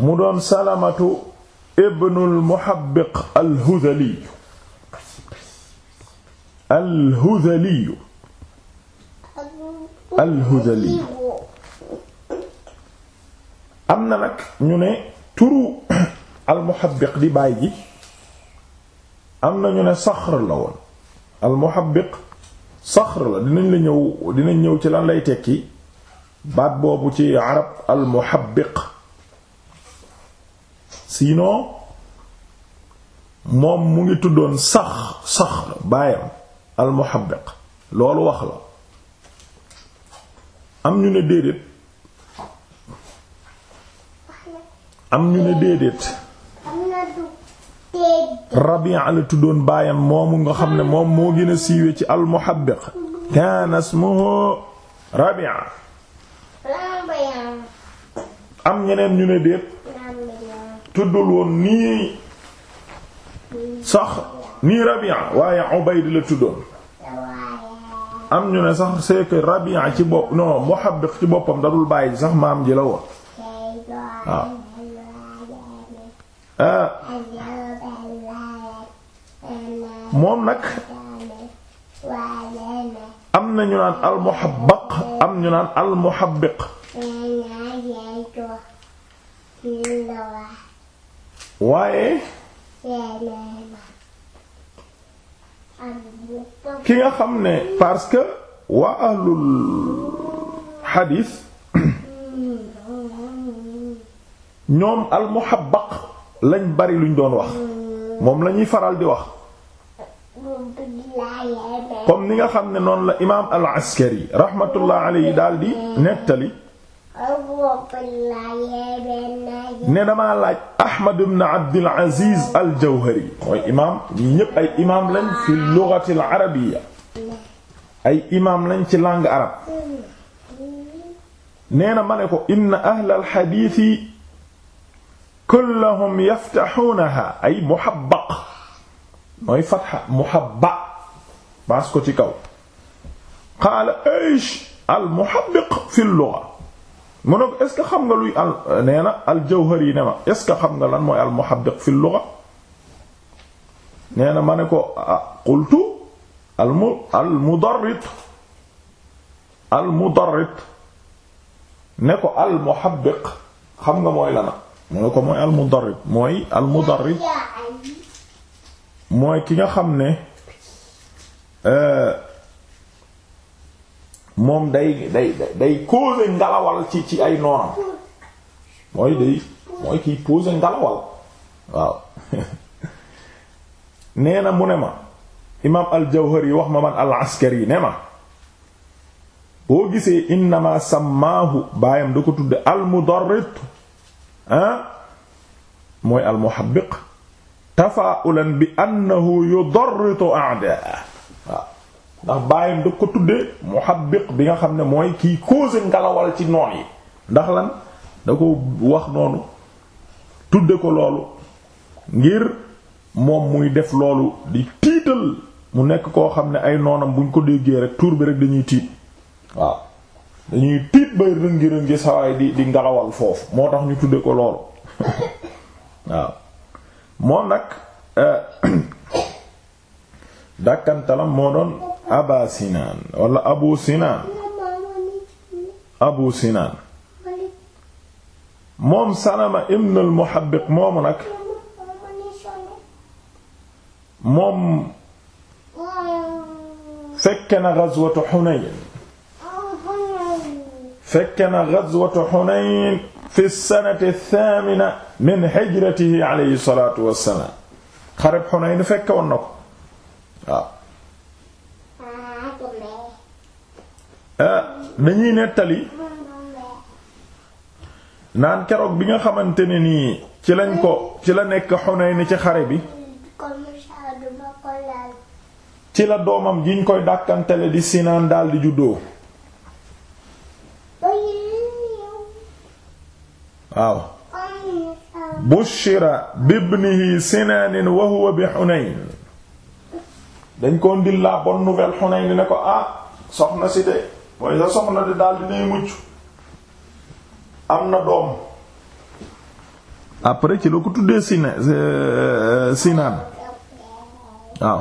mu doon salamatu ibnul muhabbiq alhudhali alhudhali alhudhali am na nag ñu ne turu almuhabbiq di baay ji am na ñu ne saxr la woon almuhabbiq saxr la dinañ la ñëw dinañ ñëw ci lan lay tekki baat boobu ci arab almuhabbiq sinon moom mu ngi tuddoon sax sax la baayam almuhabbiq loolu wax la am ñu ne déedéet am ñu ne déedéet Rabi'a la tuddoon baayam moomu nga xam ne moom moo gën a siiwe ci almuhabbiq kaana ismuhu Rabi'a am ñeneen ñu ne déet tuddul woon nii sax nii Rabi'a waaye Ubayd la tuddoon am ñu ne sax c'est que Rabi'a ci bopp non Muhabbiq ci boppam dadul bàyyi sax maam ji la woon ah. Ah. moom nag am na ñu naan al-Muhabbaq am ñu naan al waaye ki nga xam ne parce que waa ahlul xadiis ñoom almuhabbaq lañ bari luñ doon wax moom lañuy faral di wax comme ni nga xam ne noonu la imaam al askari raxmatullah yi daal di nettali ne damaa laaj Ahmad ibn Abdul Aziz al Jawhari mooy imaam lañ fi lughati al arabiyya ay imaam lañ ci langue arab nee na ma ne ko inna ahla al hadiith kulluhum yaftahuunaha ay muhabba baas ko ci kaw qaala al muhabbiq fi al mu ne ko est ce que xam nga luy al nee na al jawhari ne ma est ce que xam nga lan mooy al muhabbiq fi lugha nee na ma ne ko ah, qultu al mu al mudarrit al mudarrit ne ko al muhabbiq xam nga mooy lana mu ne ko mooy al mudarrit mooy al mudarrit mooy ki nga xam ne. Euh, moom day day day causer ngalawal ci ci ay noonam mooy day mooy kiy poser ngalawal waaw na mu ne ma imaam al-Jawhari yi wax ma man al-Askari ne ma boo gisee innama sammaahu baayam da ko tudde al-Mudarrid ah mooy al-Muhabbiq tafa'ulan bi annahu yudarritu a'da ndax bàyyam da ko tuddee muhabbiq bi nga xam ne mooy kiy cause ngalawal ci noon yi ndax lan da ko wax noonu tudde ko loolu ngir moom muy def loolu di tiital mu nekk koo xam ne ay noonam buñ ko déggee rek tuur bi rek dañuy tiit waaw dañuy tiit bay rëngi-rëngi sawaay di di ngalawal foofu moo tax ñu tuddee ko loolu waaw moom nag euh, dàkkantalam moo doon aba sinaan wala abu sinaan abu sinaan moom salama ibn al muhabbiq moomu nag moom fekke na gazwatu xunayn fekke na gazwatu xunayn fi sanati thamina min hijratihi alayhi salatu wassalam xareb xunayn fekke woon na ko waaw ah, ah, dañuy nettali naan keroog bi nga xamante nii ci lañ ko ci la nekk Hunayn ci xare bi ci la doomam jiñ koy dàkkantele di Sinaan daldi juddoo waaw bushira bibnihi Sinaan wa bi Hunayn dañ ko ndil la bonne nouvelle Hunayn ne ko ah soxna si de mooy sa soxna de daal dinay mucc am na doom après ci la ko tuddee Sina euh, euh, Sinaan waaw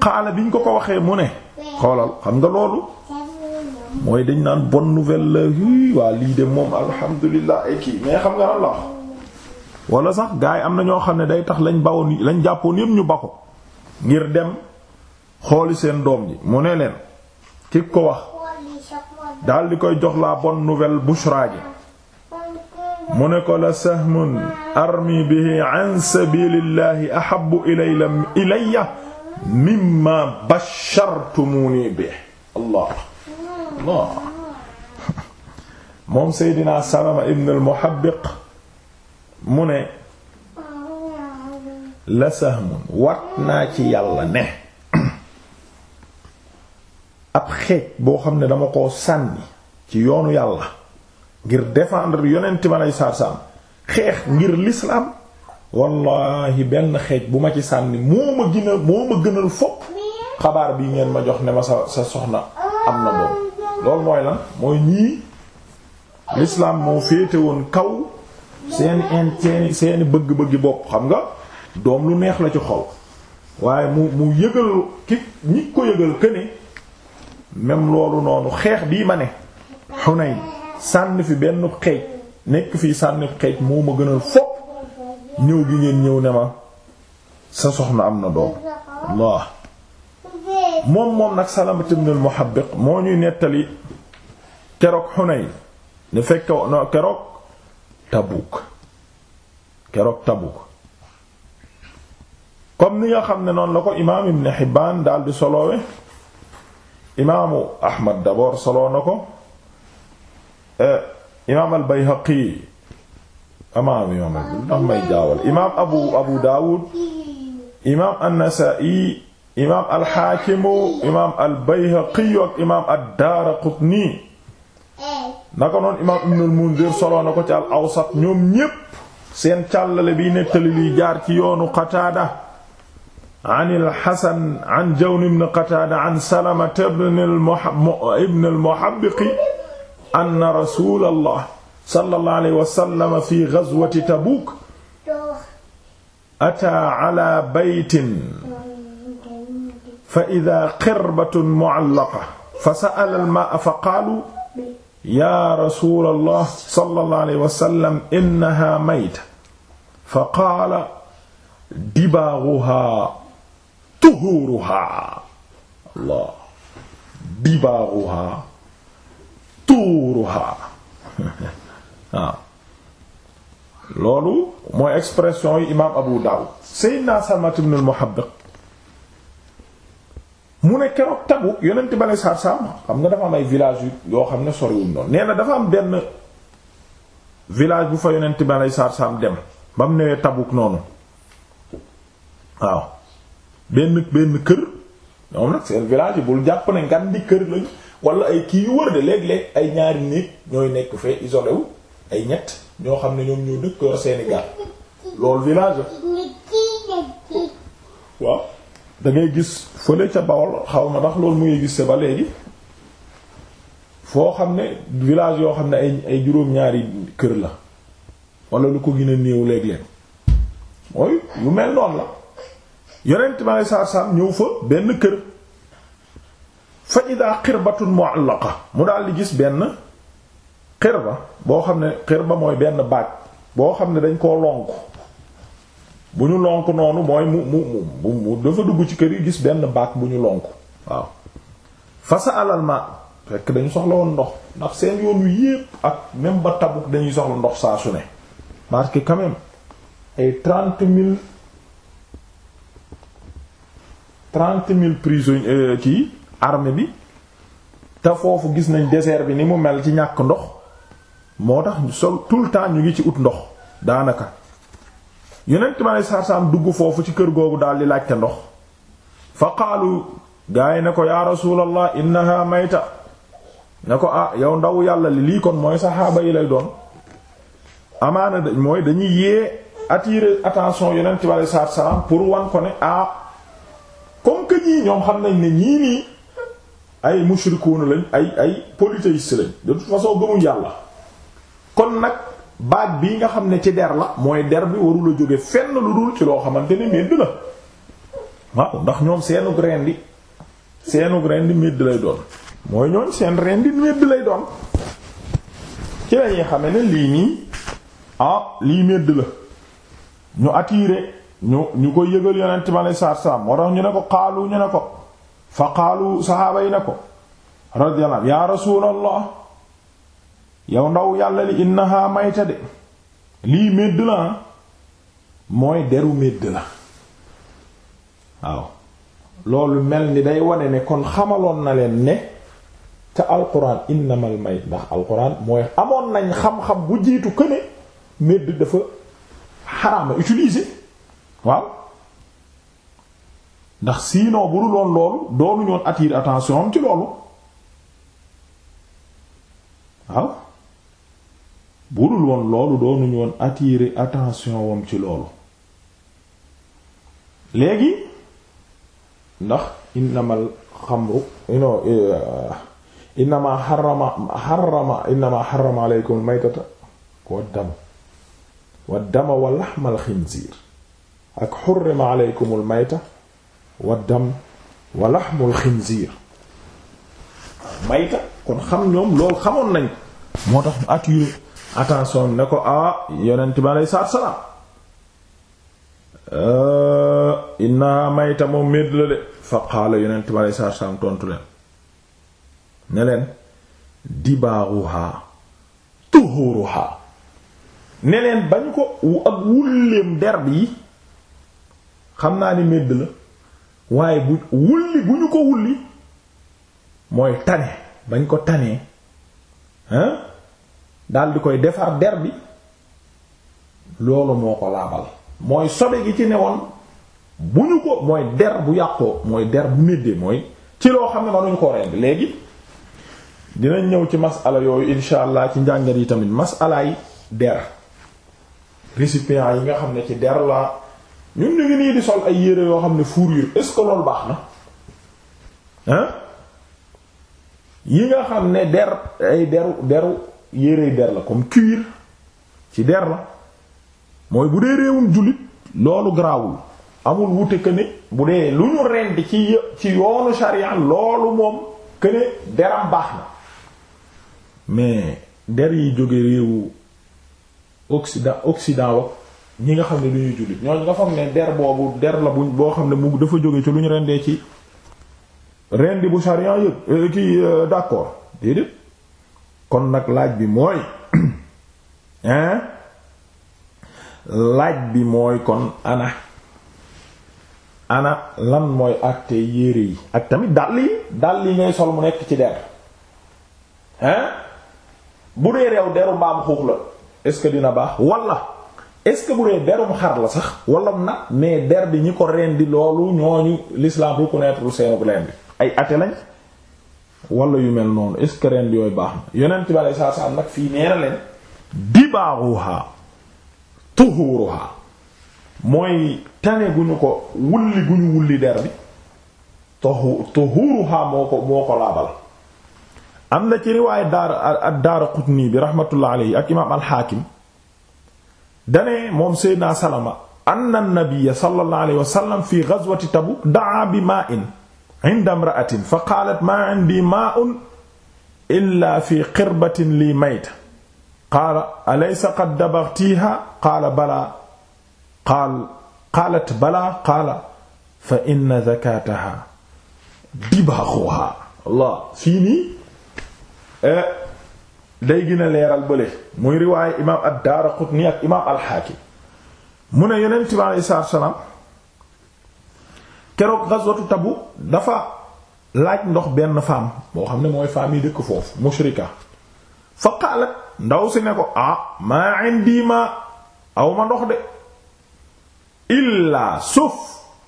xaala bi ñu ko ko waxee mu ne xoolal xam nga loolu mooy dañ naan bon nouvelle la waa lii de moom alhamdulilah ay kii mais xam nga lan la wala sax gars yi am na ñoo xam ne day tax lañ bawoon lañ jàppoon yépp ñu ba ko ngir dem xooli seen doom ji mu ne leen ki ko wax daldi koy jox la bonne nouvelle bushra ji mu ne ko la sahmun armi bihi an sabilillahi ahabbu ilayya ilayya mimma bashartumuni bihi allah allah moom seydina salama ibn al muhabbiq mu ne la sahmun wat naa ci yàlla ne ab xeej boo xam ne dama koo sànni ci yoonu yàlla ngir défendre yonent ma lay saar xeex ngir l'islam wallahi benn xeej bu ma ci sànni moo ma gën moo ma gënal fopp xabaar bi ngeen ma jox ne ma sa sa soxna am na doom loolu mooy lan mooy ñii l'islam moo féete woon kaw seeni in seeni seeni bëgg-bëggi bopp xam nga doom lu neex la ci xol waaye mu mu yëgal ki ñi ko yëgal que ne loolu noonu xeex bii ma ne Hunayn sànni fi benn xeej nekk fii sànni xeej moo ma gënal fopp ñëw gi ngeen ñëw ne ma sa soxna am na doom Allah moom moom nag Salamat ibn al-Muhabbiq moo ñuy nettali keroog Hunayn ne fekk keroog Tabuk keroog Tabuk comme ni nga xam ne noonu la ko imaam ibn Hibbaan daal di soloowe imaamu Ahmad d'abord soloo na ko eh, imaam al-Bayhaqi amaam imaam ndax may jaawal imaam Abu Abu Daawud imaam an-Nasaa'i imaam al-Haakimu imaam al-Bayhaqi ak imaam ad-Daaraqutni naka noonu imaam Ibn al-Mundhir soloo na ko ci al-Awsat ñoom ñépp seen càllale bi nettali liy jaar ci yoonu Qataada an al-Hasan an Jawn ibn Qataada an Salama ibn al-Muhabbiq anna rasulallah sallallahu alayhi wa sallam fi ghazwati Tabuuk ataa ala baytin fa idaa qirbatun mu'allaqa fa sa'ala al-maa'a fa qaaluu yaa rasulallah sallallahu alayhi wa sallam innahaa mayta fa qaala dibaaguhaa tuhuruha Allah ah. loolu mooy expression yi imaam Abu Dawud Seydina Salmat ibn al-Muhabbiq mu ne keroog Tabuk yonent ba ne saar saam xam nga dafa am ay village yoo xam ne soriwul noonu nee na dafa am benn village bu fa yonent ba ne saar saam dem ba mu newee Tabuk noonu waaw benn benn kër ñoom nag seen village yi bul jàpp ne ngan di kër lañ wala ay kii yu wër de léeg-léeg ay ñaari néeg ñooy nekk fee isolé ay ñett ñoo xam ne ñoom ñoo dëkk yor seeni gaal loolu village gis fële ca Bawol xaw ma ndax loolu mu ngi gis ba léegi foo xam ne village yoo xam ne ay ay juróom-ñaari kër la wala lu ko gën a néew léeg-léeg mooy yu mel noonu la yonent bi alei saatu salaam ñëw fa benn kër fa ida xirbatun mu'allaqa mu daal di gis benn xirba boo xam ne xirba mooy benn baag boo xam ne dañ koo lonk bu ñu lonk noonu mooy mu mu mu dafa dugg ci kër yi gis benn baag bu ñu lonk waaw fasa alal ma fekk dañu soxla woon ndox ndax seen yoon wi yépp ak même ba dañuy soxla ndox saa su ne parce que ay trente mille trente mille prisonniers euh, kii arme bi te foofu gis nañ désert bi ni mu mel ci ñàkk ndox moo tax sol tout le temps ñu ngi ci ut ndox daanaka yonent ma lay dugg foofu ci kër googu daal di laajte ndox fa qaalu gaa yi ne ko yaa rasulallah innaha mayta ne ko ah yow ndaw yàlla li lii kon mooy saxaaba yi lay doon amaana mooy dañuy yee attirer attention yonent ma lay sarsam pour wan ko ne ah comme que ñii ñoom xam nañ ne ñii nii ay mushrikuuna lañ ay ay polythéistes lañ de toute façon gëmuñ yàlla kon nag baat bii nga xam ne ci der la mooy der bi warul a jóge fenn lu dul ci loo xamante ne medd la waaw ndax ñoom seenu rendi seenu rendi medd lay doon mooy ñooñ seen rendi medd lay doon ci lañuy xame ne lii nii ah lii medd la ñu attiré ñu ñu ko yëgal yonent mi aleyhi salaatu salaam moo ñu ne ko xaalu ñu ne ko fa xaalu saxaaba yi yaa rasuulallah yow ndaw yàlla li innaha mayta de lii médd la ah. mooy deru médd la waaw loolu mel ni day wane ne kon xamaloon na leen ne ca alquran innamal mayt ndax alquran mooy amoon nañ xam-xam bu jiitu këne médd dafa xaraama utiliser waaw ndax sinon bu dul woon loolu doonu ñoon attirer attention am ci loolu waaw bu dul woon loolu attention wam ci loolu léegi ndax innamal xamru ino eh, innama xarama xarama innama xarama aleykum maytata wa dama wa dama wa ak xurrima aleykumul mayta wa dam wa laxmul xinziir mayta kon xam ñoom loolu xamoon nañ moo tax mu attiré attention ne ko ah yonent bi aleyhi salaatu salaam euh, inna mayta moom médd la de fa qaala yonent bi aleyhi salaam tontu leen ne leen dibaaruha tuhuruha ne leen bañ ko ak wulleem der bi xam naa ni medd la waaye bu wulli bu ñu ko wulli mooy tane bañ ko tanee hein dal di koy defar der bi loolu moo ko laabal mooy sobe gi ci newoon bu ñu ko mooy der bu yàqoo mooy der bu méddee mooy ci loo xam ne manuñu ko rend léegi dinañ ñëw ci masala yooyu insha ci njàngat yi tamit masalaay der récipient yi nga xam ne ci der la ñun ñu ngi nii di sol ay yére yoo xam ne fourrure est-ce que loolu baax na hein yi nga xam ne der ay deru deru yérey der la comme cuir ci der la mooy bu dee réewum jullit loolu garaawul amul wute que ne bu dee lu ñu rend ci ci yoonu sharia loolu moom que ne deram baax na mais der yi jóge réewu Occident Occident wa ñi nga xam ne du ñuy jullit ñooñu nga foog ne der boobu der la buñ boo xam ne mu dafa jóge ci lu ñu rendee ci rendi bu charian yëg euh, ki euh, d'accord déedéet kon nag laaj bi mooy hein laaj bi mooy kon ana ana lan mooy acte yére yi ak tamit dàll yi dàll yi ngay sol mu nekk ci der hein bu dee reew deru mbaam xuux la est-ce que dina baax walla est-ce que bu dee derum xar la sax wala nag mais der bi ñi ko rendi loolu ñooñu l'islam reconnaître seen rendi ay athées lañ wala yu mel noonu est rendi yooyu baax na yonent bi alei saatu salaam na leen dibaaruha tuhuruha mooy tane gu ñu ko moo ko moo ko am na ci riwaaye daar ad-Daaraqutni bi rahmatullah ak imaam al dane moom Seydina Salama anna nabiyya sallallahu alayhi wa sallam fi ghazwati Tabuk da'a bi maa'in 'inda imra'atin fa qaalat ma 'indi maa'un illa fi qirbatin li mayta qaala alaysa qad dabaghtiha qaala balaa qaal qaalat balaa qaala fa inna zakataha dibaaxuha Allah fii nii eh, day gën a leeral bële muy riwaaye imaam ad-Daaraqutni ak imaam al mu ne yonent bi alayhi salaatu salaam keroog gazwatu Tabuk dafa laaj ndox benn femme boo xam ne mooy femme yi dëkk foofu mushrika fa qaalat ndaw si ne ko ah maa ma ndox de illaa suuf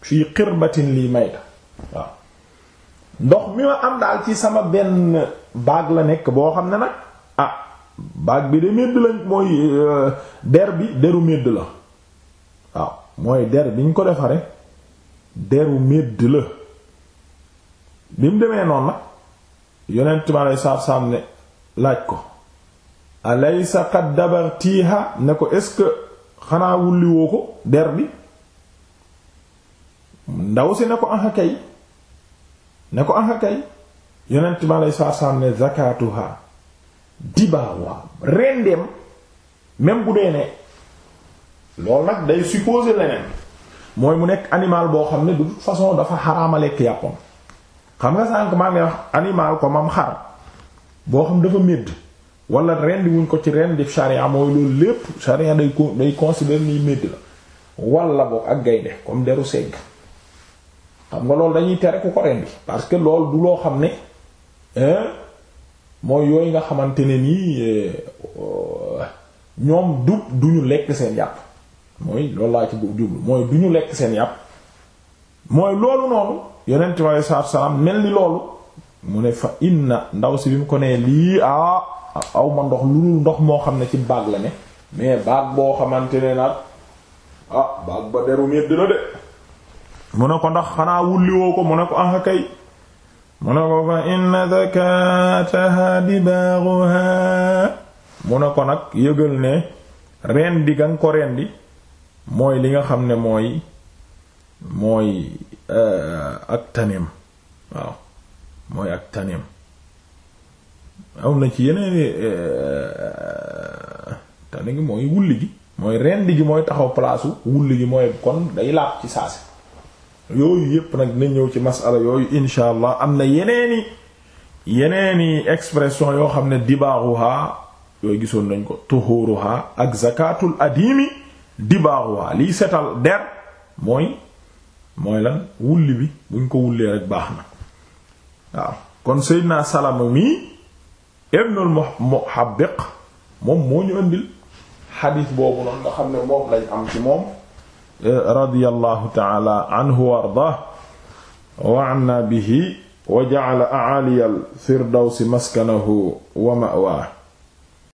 fii xirbatin lii mayta waaw ndox mi ma am daal ci sama benn baag la nekk boo xam ne nag baag bi de médd lañ mooy euh, der bi deru médd la waaw mooy der bi ñu ko defaree deru médd la bi mu demee noonu nag yonent ma lay saab saab ne laaj ko alaysa qad dabartiha ne ko est-ce que xanaa wulliwoo ko der bi ndaw si ne ko axa ne ko axa yonent ma lay saab saab ne zakatuha dibaawa rendeem même bu dee ne loolu nag day supposer leneen mooy mu nekk animal boo xam ne de toute façon dafa xaraama lekk yàppam xam nga sànq maa ngi wax animal ko mam xar boo xam dafa médd wala rendi wuñ ko ci rendi charia mooy loolu lépp charia day con day considérer ni médd la wala boog ak gaynde comme deru segg xam nga loolu dañuy tere ku ko rendi parce que lool du loo xam ne. mooy yooyu nga xamante ne nii eh, ñoom du du ñu lekk seen yàpp mooy loolu laa ci jublu lekk seen yàpp mooy loolu noonu yonent bi salaam mel ni loolu mu ne fa inna ndaw si bi mu ko nee lii ah aw ndox lu dul ndox moo xam ne ci baag la ne mais baag boo xamante ne nag ah baag ba deru medd la de mu ne ko ndax xanaa wulliwoo ko mu ne ko ah kay mu ne ko fa inna zakataha dibaaruha mu ne ko nag yëgal ne rendi ga nga ko rendi mooy li nga xam ne mooy mooy euh, ak taneem waaw mooy ak taneem am na ci yeneen euh, tane gi mooy wulli gi mooy rendi gi mooy taxaw palaasu wulli gi mooy kon day laab ci saasi yooyu yépp nag na ñëw ci masala yooyu insha allah am na yeneeni yeneeni expression yoo xam ne dibaaruha yooyu gisoon nañ ko tuhuruha ak zakatul adimi dibaaruha liy setal der mooy mooy lan wulli bi buñ ko wullee rek baax na waaw kon Seydina Salama mi ibnul Muhabbiq moom moo ñu indil xadiis boobu noonu nga xam ne moom lañ am ci moom radiyallahu taala anhu wa ardah wa anna bihi wa ja'ala a'aliyal firdawsi maskanahu wa ma'waa